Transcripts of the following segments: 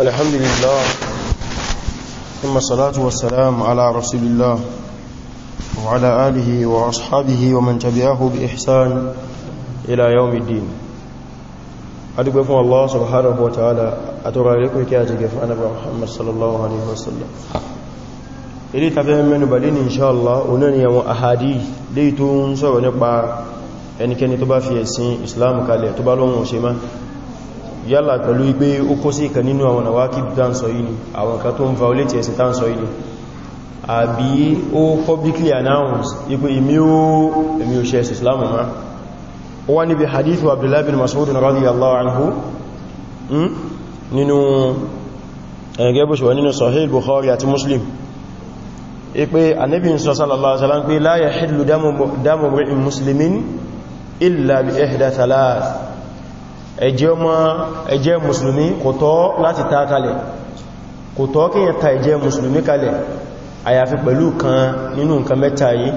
الحمد لله ثم الصلاة والسلام على رسول الله وعلى آله وأصحابه ومن تبعه بإحسان إلى يوم الدين أدب فن الله سبحانه وتعالى أترى لكم كاتك فأنا محمد صلى الله عليه وسلم ilé تفهم من بلين إن شاء الله onáni àwọn àhàdí lè tó ń sọ̀rọ̀ nípa ẹnikẹni tó bá fi ẹ̀sìn islam kalẹ̀ tó yálà pẹ̀lú wípé ó kó sí ìkan nínú àwọn àwákí dáńsọ yìí ni àwọn kan tó ń violate ẹ̀sìn táńsọ yìí ni àbí ó publicly announce ipé èmi ó èmi ò ṣe ẹ̀sìn islamu ma ó wá níbi hadithu abdullahi bin mas'ud radiyallahu anhu hmm, nínú ẹgẹ́bùsùwẹ̀ nínú sahih bukhari àti muslim ipé anabi sọ sallallahu ẹ̀jẹ̀ ọmọ ẹ̀jẹ̀ mùsùlùmí kò tọ́ láti ta kalẹ̀ kò tọ́ kí yẹn ta ẹ̀jẹ̀ mùsùlùmí kalẹ̀ àyàfi pẹ̀lú kan nínú nǹkan mẹ́ta yìí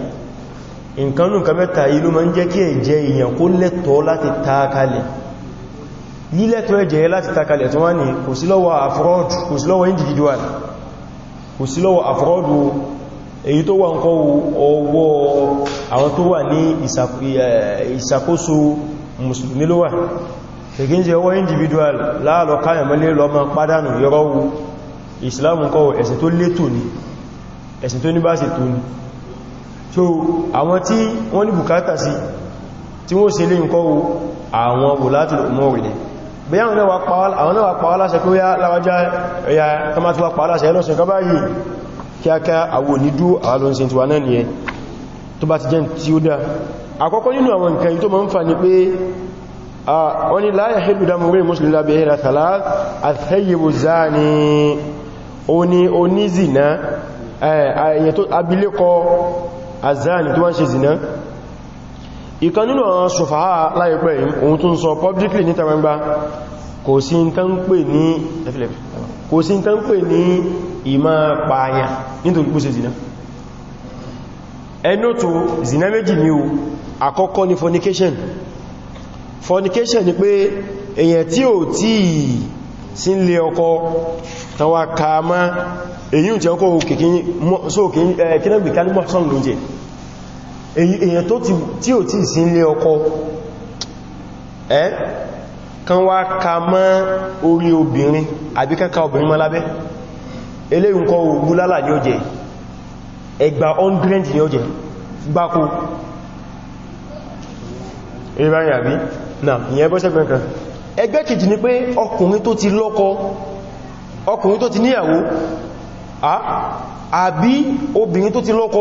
nǹkan nínú nǹkan mẹ́ta yìí ló ma ń jẹ́ kí ẹ̀jẹ̀ èèyàn kó lẹ́tọ́ láti ta kalẹ̀ lílẹ́tọ́ ẹ̀jẹ̀ láti ta kalẹ̀ tó wá ní kò sí lọ́wọ́ afrod kò sí lọ́wọ́ individual kò sí lọ́wọ́ afrod èyí tó wà ń ọwọ́ àwọn tó wà ní ìṣàkóso mùsùlùmí ló wà kìí jẹ ọwọ́ individual láàlọ káyàmọ́lé lọ́mọ pádánù yọrọ̀wú islam kọ́ ẹ̀sìn tó létò ní ẹ̀sìn tó ní bá sì tó ní so àwọn tí wọ́n ní bùkátà sí tí wọ́n ṣe lè ń kọ́ àwọn wò láti lọ́mọ́ rẹ̀ bí àwọn náà wà pàwọ́ láṣẹ pé yá láwájá ẹ̀yà tọ́mátí wà pàwọ́ láṣẹ ẹlọ́sìn kọ́ báyìí kíákíá àwọn onídú àwọn lọ́nṣin tí wà náà wọ́n ni láyé hìlú dámú rí musulmi lábẹ́ ẹ̀rẹ́ tàlá àtẹ́yìwò záàni onízìná abilékọ àzáàni tó wá ń ṣe zìná ìkan nínú àwọn ṣùfàá láìpẹ́ ohun tó ń sọ publicly ní tàwẹ́gbá kò sí tán pè ní ìmá pààyàn nítorí púpọ̀ sí zìná ni o àkọ́kọ́ ni fornication fornication ni pé èyàn tí ò tí sí ilé ọkọ tàwà kàámá èyàn tí ọkọ̀ kìkínàgbì kálímọ̀ sọ́n ló jẹ èyàn tí ò tí sí ilé ọkọ ẹ́ kan wá kàámá orí obìnrin àbí kankan obìnrin mọ́ lábẹ́ eléyìn kọ́ ogun lálà ní ó jẹ ẹgbà 100 ní ó jẹ gbákó ìbáyàbí náà ìyẹn bọ́ sẹ́gbẹ̀rẹ̀ kan ẹgbẹ́ kejì ni pé ọkùnrin tó ti lọ́kọ ọkùnrin tó ti níyàwó àbí obìnrin tó ti lọ́kọ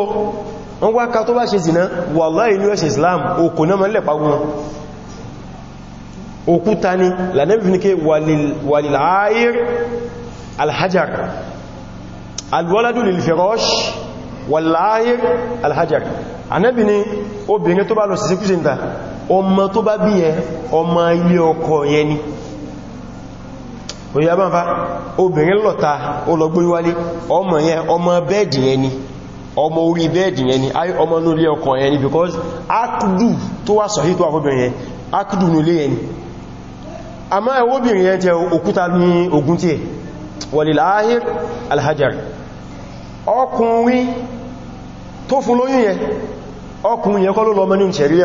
wọ́n wá ká tó bá ṣe zìná wàláhì inú ẹ̀ṣẹ̀ Islam òkò náà mọ́ lẹ́pa wọn òkúta ni lànẹ́bì ní ké wàlìláàír ọmọ tó bá bí yẹn ọmọ ilé ọkọ yẹn ni òyà bá ń fa obìnrin lọ́ta olọgbóríwálé ọmọ yẹn ọmọ bẹ́ẹ̀dì yẹn ni ọmọ orí bẹ́ẹ̀dì yẹn ni ayé ọmọ ní ọkọ yẹn ni because akudu tó wà sọ̀hí tó wà yẹn a ọkùnrin yẹn kọ́ ló ní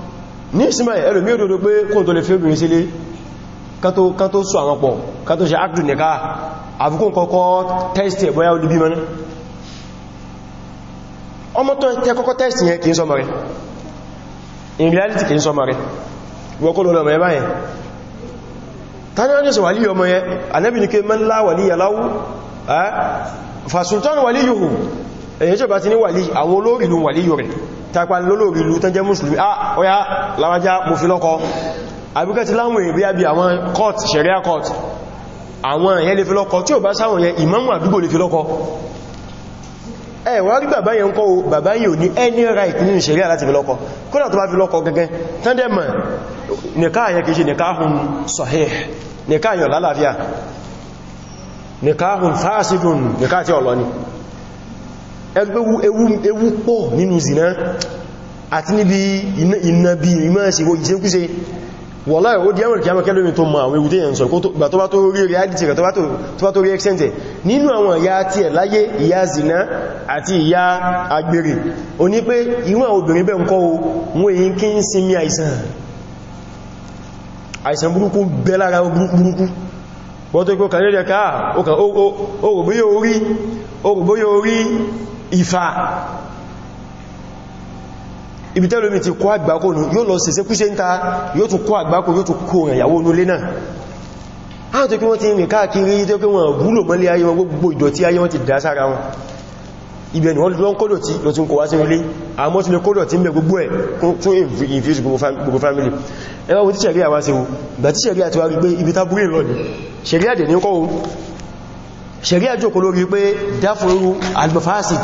ní ìsinmi ẹlòmí òdòdó pé kóhùn tó lè fi obìnrin sílé ká tó sọ àwọn pọ̀ ká tó ṣe áàdù nìká àfikún kọ́kọ́ tẹ́sì ẹ̀bọ́yá olùbí mọ́ ọmọ tó tẹ́ kọ́kọ́ tẹ́sì yẹn kìí sọmọ rẹ̀ in reality kìí sọmọ rẹ̀ wọ́kọ́ lọ́lọ́ mẹ́ báyẹn tani wọ́n ní sọ wàlí ọmọ yẹn anẹ́bì ní kí mẹ́n lá wàlí yàláwú fasultan wàlí yòhù èyí tí ó bá ti ní wàlí àwọn olórin wàlí yòrìn tàpá lólórí ìlú tán jẹ́ mùsùlùmí ah ọya láwájá mo fi lọ́kọ àbíkẹ́ ti láwọn èèyàn bí i àwọn court sharia court àwọn èèyàn lè fi lọ́kọ tí ò bá sáwọn yẹn ìmámù àdúgbò lè fi lọ́kọ ẹ wá rí bàbá yẹn kọ́ bàbá yẹn ò ní any right nínú sharia láti fi lọ́kọ kódà tó bá fi lọ́kọ gẹ́gẹ́ tẹ́ndẹ̀mọ̀ nìká yẹn kìí ṣe nikahun sahih nìká yẹn lálàáfíà nikahun fasidun nìká tí ọlọ́ni ẹgbẹ́wú ewu pọ̀ nínú zina àti níbi iná bí ìmọ́ ìṣèwò ìṣẹ́kúṣe wọ́lá ìwò di amurka yamọ̀ kẹlómi tó ma àwọn ewu tẹ́yẹn sọ gbà tó bá tó rí reality rẹ̀ tó bá tó rí extent nínú àwọn ìyá tí ẹ̀ láyé ìyá zina àti ìyá agbèrè o ní pé ìwọ̀n obìnrin bẹ́ ń kọ́ wọ́n èyí kí ń sinmi àìsàn àìsàn burúkú bẹ́ lára burúkú bọ́tọ́ ikú kàrílẹ̀ káà ó rò bóyá orí ìfà ibi tẹ́lú mi ti kó àgbákò nù yóò lọ sẹ̀sẹ̀ kúṣẹ́ ń ta yóò tún kó àgbákò yóò tún kó rẹ̀ ìyàwó onúlé náà àwọn tó kí wọ́n ti rìn káàkiri tó kí wọ́n wúlò mọ́lé ayé wọn gbogbo ìdọ̀tí ayé wọn ti dá sára wọn ibẹ̀ ni wọ́n family ẹwà wo tí ṣẹ̀ríà wá sí wo gbà tí ṣẹ̀ríà ti ni ṣẹ̀ríà ṣẹ̀ríà jókòó lórí pé dáfòrú albafasid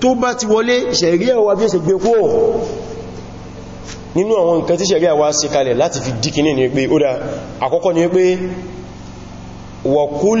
tó bá ti wọlé ṣẹ̀ríà wa bí ẹ̀ṣẹ̀ gbé kó nínú àwọn nǹkan tí ṣẹ̀ríà wa sí kalẹ̀ láti fi díkiní ní pé ó dá àkọ́kọ́ ni pé wàkúl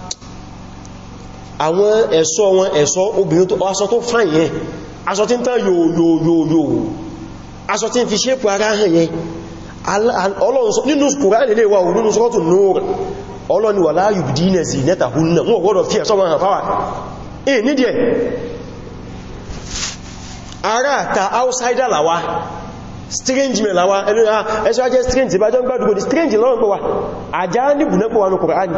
àwọn ẹ̀ṣọ́ wọn ẹ̀ṣọ́ obìnrin tó aṣọ tó fà yẹn aṣọ tí ń tán yóò yóò yóò yóò aṣọ tí ń fi ṣépù ara hàn yẹn ọlọ́run nínú Kùránì lè wà nínú sọ́tù Nur ọlọ́ni wà láàyù bí dínẹ̀ sí nẹ́ta húnnà wọ́n gbọ́dọ̀ fi ẹ̀ṣọ́ wọn hàn fáwà eh nídìí ara ta outsider làwá strange men lawa ẹni ah, ẹ̀ṣọ́ ajẹ́ strange ìbájọ́ ń gbádùgbò ní strange lọ́rọ̀ pẹ̀wà àjá níbùnẹ́pọ̀ wà ní Kùránì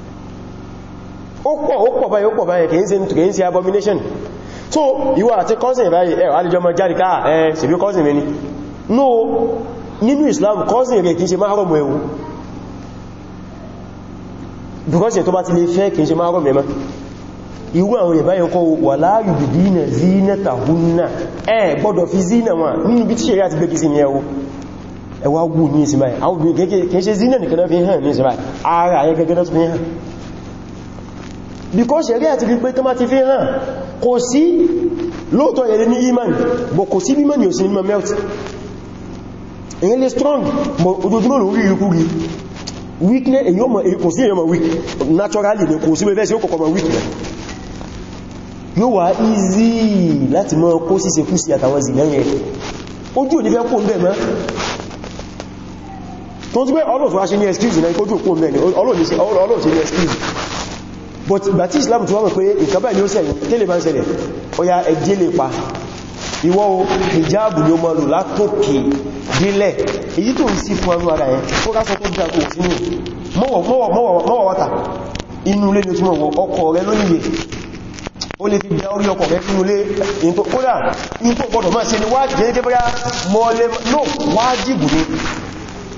ó pọ̀ ó pọ̀ báyìí ó pọ̀ báyìí kìí ṣe abomination so ìwọ àti cousin báyìí ẹ̀ alìjọ mọ̀ jáde káà ẹ̀ cousin mi ni no nínú Islam cousin rẹ̀ kìí ṣe mahrum ewu because tó bá ti lè fẹ́ kìí ṣe mahrum ẹ̀mọ́ Iwu àwọn ìbáyẹ̀ kọ́ wà láàyù húnnà gbọ́dọ̀ fi wọn nínú bí rí àti sí ní ẹwọ́ ẹwà ní ìsinmi àwọn obìnrin nìkan fi hàn ní ìsinmi because ẹ̀rí àti pípé tó má ti fi hàn kò sí lóòtọ́ ẹ̀rí ní iman bọ̀ kò sí iman yóò sí iman melt èyí lè strong mọ̀ ojoojúmọ́ ló rí ikú rí weakness èyí kò sí èyí ọmọ weak naturally ni kò sí bẹ́ẹ̀ sí ó kọ̀kọ́ mọ̀ weak yóò wá easy láti mọ́ kó síse kú sí àtàwọn zìlẹ́yìn ojú ò ní fẹ́ kó ń bẹ̀ mọ́ tó ń tí pé ọlọ́fà ṣe ní excuse náà kójú òkú ń bẹ̀ ni ọlọ́fà ṣe ní excuse but ìgbà tí islam ti wá mọ̀ pé ìkàbà ní ó sẹ̀yìn tẹ́lẹ̀ bá ń ṣẹlẹ̀ ọya ẹjẹ́ lè pa ìwọ hijabu ni ó máa lò látòkè dílẹ̀ èyí tó ń sí fún ọrún ara ẹ̀ kó ká sọ tó dá kò sínú mọ́wọ̀ wátà inú ilé ló túnmọ̀ ọkọ̀ rẹ lóníye ó lè fi bí orí ọkọ̀ rẹ fún ilé ìntò kódà ìntò gbọdọ̀ máa ṣe ni wá jẹ́ jẹ́ bẹ́rẹ́ mọ́ọ̀lẹ́ ló wájìbù ni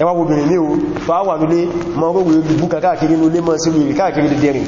ẹwà obìnrin ní o fàáwà nílé mọ́ orí bú kàkàkiri nílé mọ́ sí rí káàkiri dẹ̀dẹ̀rin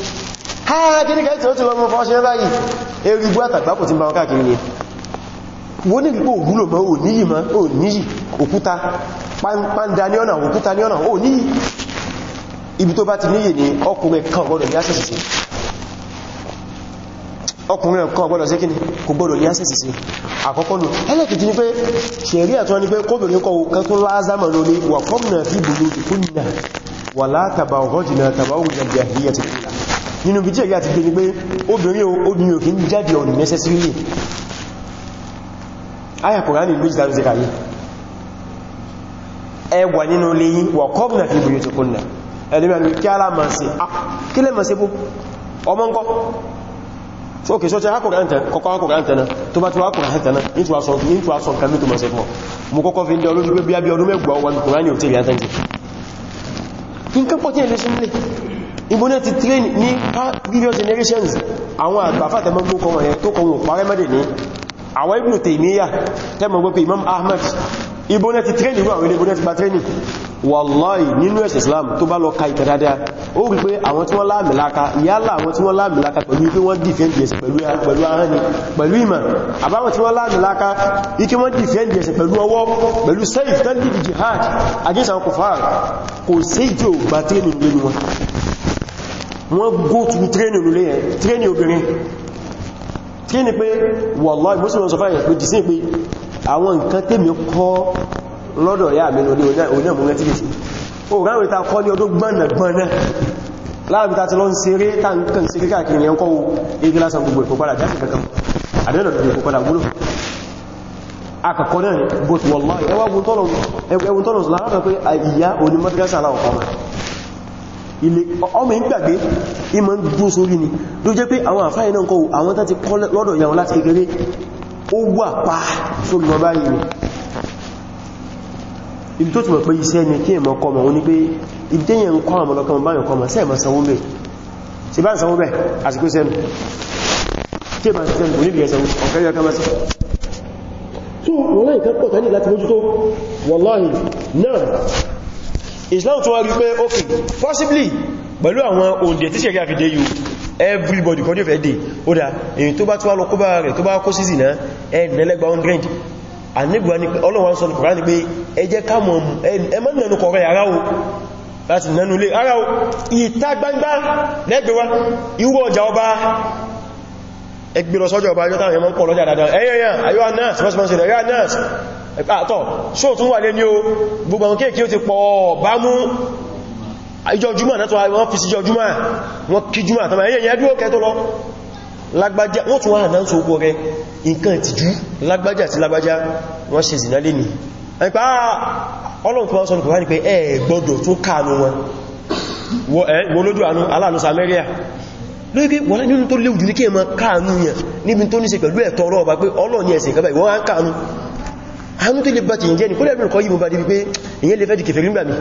ha kíní kẹ́ẹ̀tì ó ti lọ mọ́ fọ́ṣẹ́ báyìí erigbó àtàgbákò ti ń bá wọn káàkiri ni wọ́n ní pípò òwúlò mọ́ ò níyì mọ́ ò níyì òkúta pàndà ní ọ̀nà òkúta ní ọ̀nà ò níyì ibi tó bá ti níyì ni ọkùnrin kan gbọ́dọ̀ ní ọkùnrin kan nínú bí jẹ́rí àti gbé ní pé obìnrin obìnrin òkè ń jáde ọ̀nà necessarily ayà kòránì ló jìdá lóṣe kàyé ẹwà nínú ilé yín wà kọ́bùnà fi buyuti kunna ẹlẹ́mẹ̀lú kí ara ma ṣe ah, kí lẹ́ ma ṣe bó ọmọ ńkọ́ so kè sọ́tẹ́ kọ́kọ́ akùnrin tẹ́nà tó bá tí nǹkan ìbúná ti train ní previous generations àwọn àgbàfà tẹ́mọ́ gbókọ wọn yẹn tó kọ wọn parẹ́ mẹ́dẹ̀ ní àwọn Ibn Taymiyyah tẹ́mọ̀ gbókọ Imam Ahmad ìbúná ti train ìwọ àwọn ilé ìbúná ti gba training wallahi nínú ẹ̀sẹ̀ Islam tó bá lọ ka ìtẹ̀ dáadáa ó rí pé àwọn tí wọ́n láàmìláka yálà àwọn tí wọ́n láàmìláka pẹ̀lú pé wọ́n defend ẹ̀sẹ̀ pẹ̀lú ahọ́n ni pẹ̀lú ìmọ̀ àbáwọn tí wọ́n láàmìláka ikí wọ́n defend ẹ̀sẹ̀ pẹ̀lú ọwọ́ jihad against àwọn kòfàà kò sí ìjò wọ́n go to train olùlé ẹ̀ train obìnrin train pé wallahi ìgbóṣùn sọ fáyẹ̀ pé dìsín pé àwọn nǹkan tèmi kọ́ lọ́dọ̀ ya mi lórí onímọ̀rẹ́ tí lè ṣe o ráwẹ̀ ta kọ́ ní ọdún gbọ́nà gbọ́nà láàrín ta ti lọ ń seré ta ń kàn sí kíkàkiri ẹ̀kọ́ igi lásán gbogbo ìfòpadà jáde kankan àdẹ́nà gbogbo ìfòpadà wúlò akọ̀kọ́ náà bó ti wallahi ẹwà ẹwùn tọ́nà láàrín pé àìyá oní madrasa aláwọ̀ kọ́mà ilé ọmọ ìgbàgbé ìmọ̀ dún sórí ni ló jẹ́ pé àwọn àfáì náà kọ́ àwọn tàti kọ́ lọ́dọ̀ yàwọn láti kékeré ó wà pa sórí wọn báyìí ibi tó ti mọ̀ pé iṣẹ́ ni kí èmọ̀ kọmọ̀ wọn ni pé ìdẹ́yẹn kọ́ àmọ́lọ́kọmọ̀ báyìí kọmọ̀ sẹ́ẹ̀mọ̀ sanwó bẹ̀ sí bá ń sanwó bẹ̀ àsìkò sẹ́nu tí è bá ti sẹ́nu kò níbi ẹ̀sẹ̀wó ọ̀kẹ́ yọ kama sí tó wọ́n láì kẹ́kọ̀ọ́ tání láti mójútó wọ́láhì náà islam tún wá rí pé ok possibly pẹ̀lú àwọn òǹdẹ̀ tí ṣẹ̀rí àkìdé yìí everybody kan ní ọ̀fẹ́ dì ó dá èyí tó bá tó wá lọ kó bá rẹ̀ tó bá kó sí ìsìnà ẹ̀ẹ́dẹ̀lẹ́gbà 100 ànígbà ní ọlọ́wọ́n sọ nìkọ̀rá ní pé ẹjẹ́ kámọ̀ ẹmọ́ nínú kọ̀rẹ́ ara o láti nánú lé ara o ìta gbangba lẹ́gbẹ̀wá irú ọjà ọba ẹgbẹ̀rọ sọ́jọ́ ọba yọ́ta ẹmọ́ pọ̀ lọ́jà dáadáa ẹyẹyàn ayọ́ náà àtọ̀ ah, ṣó tún wà lé ní o gbogbo àwọn kéèkì ó ti pọ̀ bá mú ìjọ jùmọ̀ náà tó wọ́n fi sí ìjọ jùmọ̀ wọ́n kí jùmọ̀ àtàmà ẹ̀yẹ̀ yẹn dúró kẹtọ́ lọ lágbájá wọ́n tún wà náà tó gbọ́ rẹ nǹkan ìtìjú lágbájá àti lágbájá wọ́n ṣe zìnà lé ní ẹ̀pá ah, ọlọ́run tó wá sọ nìkan wá ní pé ẹ gbọ́dọ̀ tó káànú wọn wọ́n lójú àánú aláàánú Samaria lórí wọ́n nínú tó léwu jù ní kí ẹ máa káànú yẹn níbi tó ní ṣe pẹ̀lú ẹ̀tọ́ ọlọ́ọ̀bá pé ọlọ́ọ̀ ní ẹ̀sìn kẹfà ìwọ́n á káànú àánú tó lè bá ti ìjẹ́ ní kó lẹ́bìn kọ́ yìí mú bá débi pé ìyẹn lè fẹ́ di kèfèrí nígbàmí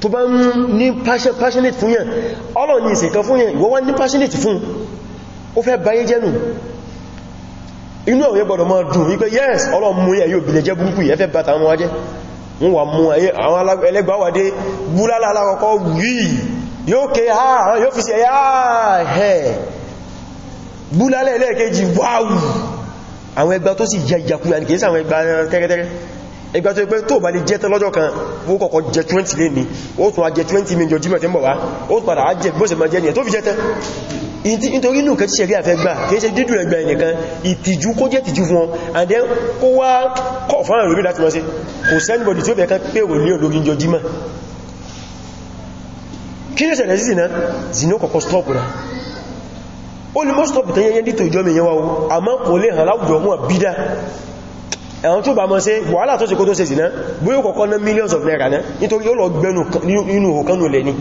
tó bá ń ní passionate fún yẹn ọlọ́ ní ìsìnkan fún yẹn ìwọ wá ní passionate fún ó fẹ́ báyé jẹ́nu inú ọ̀yẹ́ gbọ́dọ̀ máa dùn wípé yes ọlọ́mú yẹ yóò bìlẹ̀ jẹ́ burúkú yẹ fẹ́ bá tàwọn wájẹ́ wọ́n wà mú àwọn ẹlẹ́gbàwàdé búlálà alákọ̀ọ́kọ́ yìí yóò ké ààrùn yóò fi sí ẹ̀yà ẹ̀ búlálẹ̀ ẹlẹ́ẹ̀kejì wáwù àwọn ẹgbà tó sì yà ìyàkúyà ní kìí sí àwọn ẹgbà tẹ́rẹtẹ́rẹ ẹgbà tó pé tó bá lè jẹ́ tán lọ́jọ́ kan ó kọ́kọ́ jẹ 20 lé ní ó tún ajẹ 20 mi jọjú mẹ́tẹ́ mọ̀ wá ó padà á jẹ bóṣe máa jẹ́ nìyẹn tó fi jẹ́ tán nítorí nù kẹtí ṣẹ̀rí àfẹ́ gbà kìí ṣe dídùn ẹgbà ẹnìkan ìtìjú kó jẹ́ tìjú fún wọn and kó wá kọ̀ fún àrùn orí láti mọ́ kò sẹ́nìbọ̀dì tí ó fẹ́ kan pé wò ní olórin jọjímọ̀ kí ló ṣẹlẹ̀ sí zina zina kọ̀kọ́ stop náà ó lè mọ́stọ̀ pùtẹ́ yẹnyẹn dìtò ìjọ mi yẹnwà àmọ́ kò lè hàn láwùjọ wọn bídá ẹ̀wọ̀n tó bá mọ́ sí wàhálà tó ṣe kó tó ṣe sínà bóyí kọ̀kọ́ ná millions of naira náà nítorí ó lọ gbẹnu inú òkánú lẹ̀ ní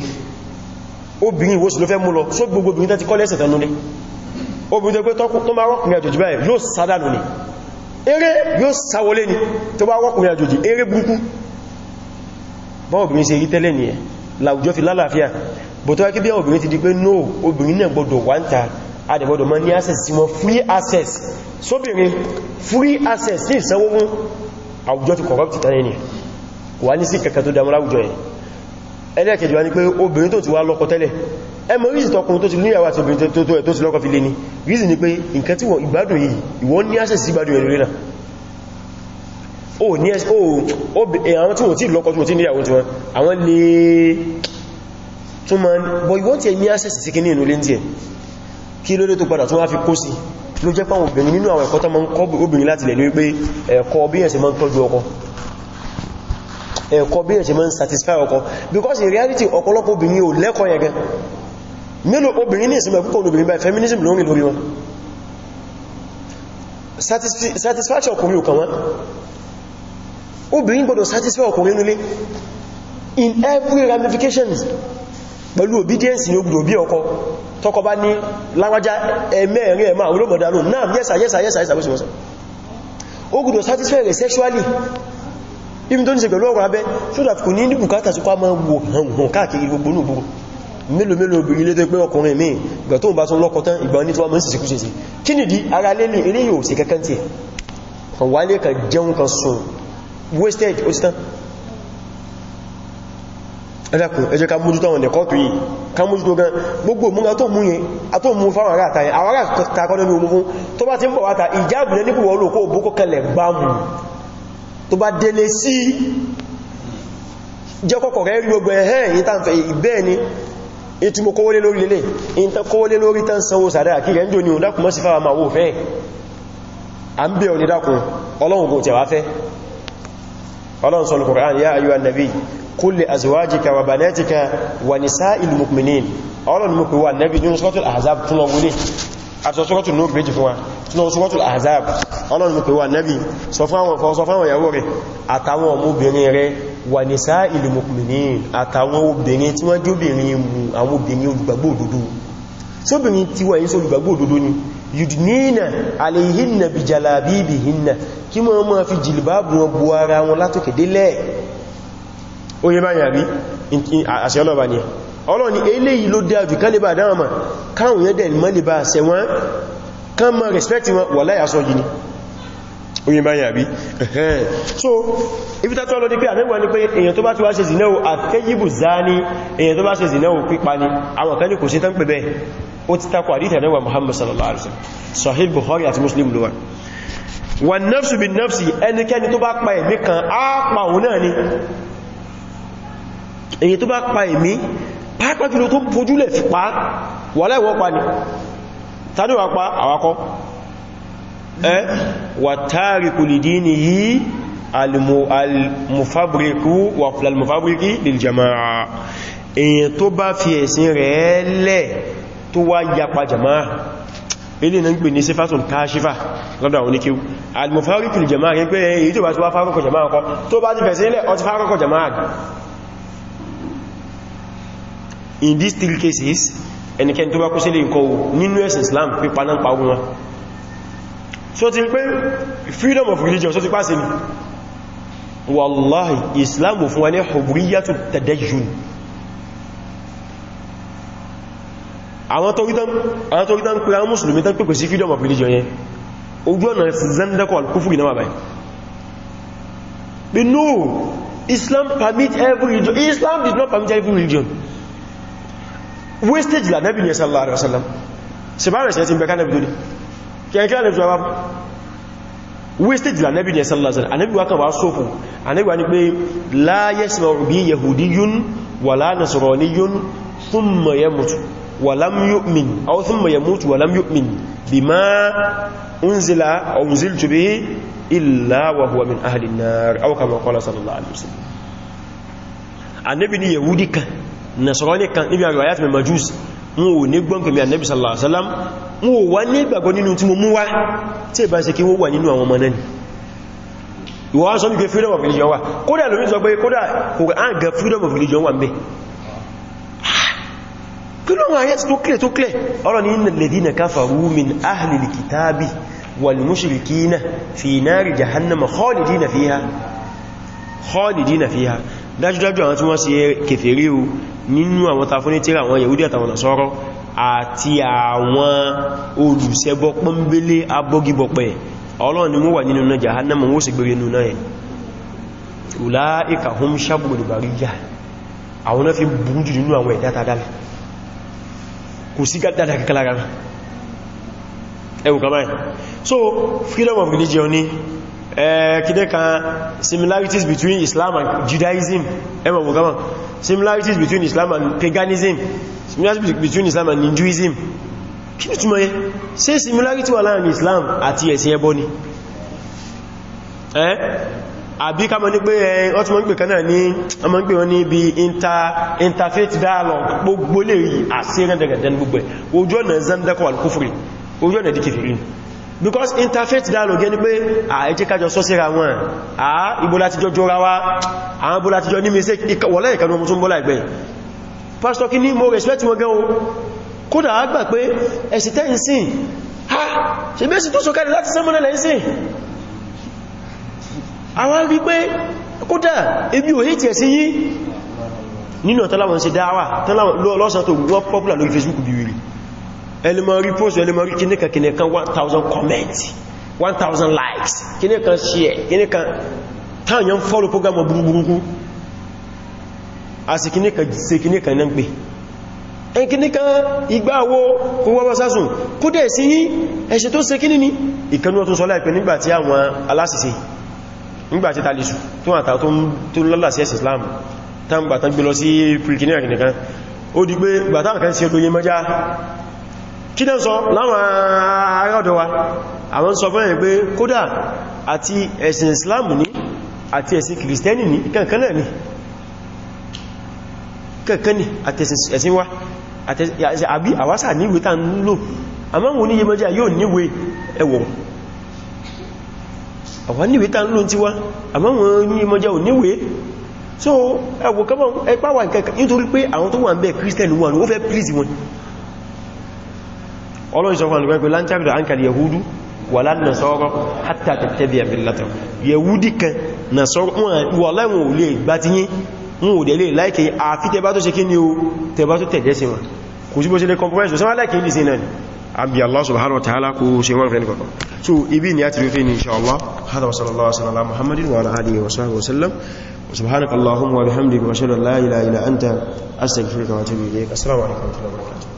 obìnrin ìwòsù ló fẹ́ mú lọ só gbogbo obìnrin tẹ́tí kọ́lẹ̀ ẹ̀sẹ̀tẹ̀ nulẹ̀ obìnrin tó pé tó máa rọ́kùnrin ni eré yóò sáwọlé ni tó bá rọ́kùnrin àjòjì eré burúkú báwọn obìnrin ṣe rí tẹ́lẹ̀ nìyẹn láwùjọ fi lálàáfíà bọ̀tọ́ akébí àwọn obìnrin ti di pé no obìnrin náà gbọdọ̀ wáńtà àdẹ̀gbọ́dọ̀ mọ́ ní access sí wọn free access sóbìnrin free access ní ìsanwó wọn àwùjọ ti corrupt tánẹ́ ni wà ní sí kẹkẹ tó dámọ́ láwùjọ yẹn ẹlẹ́kẹjọ wá ní pé obìnrin tó ti wá lọ́kọ tẹ́lẹ̀ ẹmọ rízi tọkùnrin tó ti níyàwó àti obìnrin tó tó ẹ̀ tó ti lọ́kọ fi lé ní rízi ni pé nǹkan tí wọ́n ìgbádùn yìí ìwọ́n ní access sí ìgbádùn ẹ̀rẹ́ náà ó ní eh, àwọn tí wọ́n ti lọ́kọ tí wọ́n ti níyàwó tí wọ́n àwọn lè kí ló tó padà tó wá fi kó sí ló jẹ́ pàwọn obìnrin nínú àwọn ẹ̀kọ́ tó máa ń kọ́ obìnrin láti lẹ̀ ní pé ẹ̀kọ́ bí ẹ̀ṣẹ̀ máa ń tọ́jú ọkọ ẹ̀kọ́ bí ẹ̀ṣẹ̀ máa ń satisfy ọkọ because in reality ọ̀pọ̀lọpọ̀ obìnrin ò lẹ́kọ̀ọ́ yẹn gan mélòó obìnrin ní ìsinmi púpọ̀ obìnrin báyìí feminism lórí lórí wọn satisfaction ọkùnrin ò kàn wọ́n obìnrin gbọ́dọ̀ satisfy ọkùnrin in every ramifications pẹ̀lú obedience ni ó gbọ́dọ̀ tọ́kọ bá ní láwájá ẹ̀mẹ́rin ẹ̀má olóbọ̀dánù náà yẹ́sà yẹ́sà yẹ́sà yẹ́sà bóṣe wọ́sàn ó gùdọ̀ satisfy rẹ̀ sexually ibi tó ní ṣe pẹ̀lú ọ̀rọ̀ abẹ́ so that kò ní ní bùkátà sí kwámọ́ wò hàn káàkiri gbogbo ní gbogbo mélòó mélòó obìnrin lé tó pé ọkùnrin mi ìgbà tó ń bá tún lọ́kọ tán ìgbà ní tó wọ́n ẹ̀dàkùn ẹjẹ́ ká mójútó àwọn ẹ̀kọ́ tó yìí ká mójútó gan gbogbo múra tó mú yìí àtọ́mù fáwọn ará àtàyẹ àwọn ará takọ́dọ̀ ní ogun tó bá ti ń bọ̀ wáta ìjáàbù lẹ́ nípò wọ́lò kó bókó kẹlẹ̀ gbámù tó bá délé sí jẹ́ kọ́kọ̀ rẹ̀ rí gbogbo ẹ̀hẹ́ ni ìtí kulli azwajika wa banatika wa nisa'il mu'minin ọlọ́run mú pé wà nẹ́bí ní suratul ahzab tún lọ wúlé àti suratul nur méjì fún wa tún lọ suratul ahzab ọlọ́run mú pé wà nẹ́bí sọ fáwọn ìyàwó rẹ̀ àtàwọn ọmọbìnrin rẹ̀ wa nisa'il mu'minin àtàwọn obìnrin tí wọ́n jóbìnrin mú àwọn obìnrin olùgbàgbọ́ ni yudnina alayhinna bijalabibihinna kí wọ́n máa fi jìlìbáàbù wọn bu ara oye bá yàrí àṣẹ ọlọ́ba ni ọlọ́run ni eléyìí ló dájú ká lè bá dáwọn ma káwọn yẹ́ dẹ̀lì mọ́ lè bá ṣẹ wọ́n kán mọ́ rẹ̀spẹ̀tì wọn wà láyà sọ yìí oye bá yàrí so ibi tàtọ́ ọlọ́dí pé àmẹ́wà ní pé èyàn tó bá ti wá ṣe zinẹ́wò àtẹ́yìbù záni èyàn tó bá ṣe zinẹ́wò pípa ni àwọn kan ní kò ṣe tán pẹ̀ bẹ́ẹ̀ ó ti takọ̀ àdíta àmẹ́wà Muhammad sallallahu alaihi wasallam Sahih Bukhari àti Muslim ló wà wọn nafsu bin nafsi ẹnikẹ́ni tó bá pa ẹ̀mí kan á pa òun náà ni èyí tó bá pa èmi pàápàá jùlọ tó fojúlẹ̀ fi pa wà láìwọ́ pa ní tàbí wà pa àwakọ́ ẹ wà tariku li dinihi al-mufabriku wà al-mufabriki lil jama'a èyí tó bá fi ẹ̀sìn rẹ̀ lẹ̀ tó wá yapa jama'a ilé na gbé ní sífàtún káṣífà lọ́dọ̀ àwọn oníkíw al-mufabriku lil jama'a rẹ̀ pé èyí tó bá ti wá fárúkọ jama'a tó bá ti fẹ̀ sílẹ̀ ọ ti fárúkọ jama'a in these three cases ẹnikẹni tó bá kó sílé ìkọwò nínú ẹ̀sìn Islam pípa náà pa wọn so ti pé freedom of religion so ti pàṣẹ ni wallahi Islam fún wa ní hubriyatu tadayyun àwọn tó gítán pé àwọn mùsùlùmí tán pèpè sí freedom of religion yẹn ojú ọ̀nà zandakọ̀ alkúfù ìnáwà báyìí but no Islam permit every religion Islam did not permit every religion wastage la nabi ni sallallahu alaihi wasallam se ba re se tin be kan nabi to ni ke ke le jawab wastage la nabi ni sallallahu alaihi wasallam anabi wa kan wa so fún anabi wa ní pé la yasma'u bi yahudiyyun wala nasraniyyun thumma yamut wa lam yu'min aw thumma yamut wa lam yu'min bima unzila aw unziltu bihi illa wa huwa min ahli an-nar aw kama qala sallallahu alaihi wasallam anabi ni yahudi kan nasarani kan níbi àríwáyàtì mẹ́ majus wọn ò ní gbọ́n pẹ̀lú annabi sallallahu alaihi wasallam wọn ò wá ní ìgbàgbọ́ nínú tí mo mú wá tí ìbá ṣe kí wó wà nínú àwọn ọmọ náà ìwọ̀ wá sọ wípé freedom of religion wà kódà lórí sọ pé kódà Kùránì gan freedom of religion wà ń bẹ kínú àwọn ayẹ́ tó kílẹ̀ tó kílẹ̀ ọ̀rọ̀ ní innal ladhina kafaru min ahlil kitabi dájúdájú àwọn tí wọ́n ṣe kèfèrí o nínú àwọn tafúnítírà àwọn yahudi àtàwọn nasọ́rọ̀ àti àwọn olùṣẹbọ pọ́nbélé abọ́gibọ̀pẹ̀ ọlọ́run ni wọ́n wà nínú náà jahannama wọ́n sì gbèrè nínú náà ulaika hum shabbul bariyah àwọn náà fi burú jù nínú àwọn ẹ̀dá tàdálà so freedom of religion eh kide kan similarities between Islam and Judaism ẹ mọ̀ gbogbo similarities between Islam and paganism similarities between Islam and Hinduism kí ni túnmọ̀ yẹ ṣe similarity wà láàrin Islam àti ẹ̀sìn ẹbọ ni eh àbí ká mọ̀ ní pé ẹ̀yìn ọtún mọ́ ń pè kan ní ọmọ ń pè wọn ní ibi interfaith dialogue gbogbo lè rí àṣírẹ́ndẹ̀gẹ̀dẹ̀ gbogbo ẹ̀ ojú ọ̀nà zandakọ̀ alkufri ojú ọ̀nà dìkìfìrí because interfaith dialogue ni pé a eje kájọ sọ síra wọn a ibo láti jọ jọra wa àwọn bo láti jọ ní mistake wole ikanu mo tún bo lai gbe pastor kini mo respect wọn gan o kódà a gbà pé ẹ̀sìn te nsin ha ṣe be si tó sọ kale láti samona le nsin àwọn rí pé kódà ebi o hate ẹ̀sìn yìí nínú tọ́láwọn ṣe dáwà tọ́láwọn lọ́sàn to gbọ́ popular lórí Facebook bí wìrì ẹlẹ́mọ̀ rí post ẹlẹ́mọ̀ rí kíní kan kíní kan 1000 comment 1000 likes kíní kan share kíní kan táyàn follow program burúburúkú a sì kíní kan se kíní kan náà gbé ẹn kíní kan ìgbàwo kó wọ́wọ́ sásùn kó dẹ̀ sí ẹ̀ṣẹ̀ tó se kíní ni ìkanú ọtún sọ láìpẹ́ nígbàtí àwọn aláṣìṣe nígbàtí talisu tó àtà tó lọ́lá sí ẹ̀sì Islam tán gbàtán gbé lọ sí pìrìkìníà kìnìkan ó di pé gbàtán kan sí odòye mọ́já kí náà sọ láwọn arádọ́ wa àwọn sọ fún ẹ̀ pé kódà àti ẹ̀sìn Islam ní àti ẹ̀sìn kìrìsìtẹ́nì ní kankan náà ní kankan ní àti ẹ̀sìn wa àbí àwásà níwé tàà ń lò àmọ́ wọn níye mọ́já yóò níwé ẹwọ̀ àwọn níwé tàà ń lò so ẹwọ̀ kọ́mọ̀ ẹpá wà nǹkan nítorí pé àwọn tó wà ń bẹ kírísítẹ̀lì wọn ọlọ́run sọ fún àlùgbẹ́ pé láńtàbìdà an kàlì yahudu wà lánà sọ́rọ̀ hátà tẹ̀tẹ̀bì àbìlátà yahudi kan na sọ́rọ̀ wà láìwọ̀n ò lè gbá ti yí wọn ò dẹ̀lé láìkẹ̀ àfi tẹbá tó ṣe kí ni o tẹbá tó tẹ̀jẹ́ sí wọn kò sí bó ṣe lè compromise sọ́wọ́n láìkẹ̀ ní sí náà àbí Allah subhanahu wa ta'ala kò ṣe wọ́n fẹ́ nìkọ̀kọ́ so ibi ni a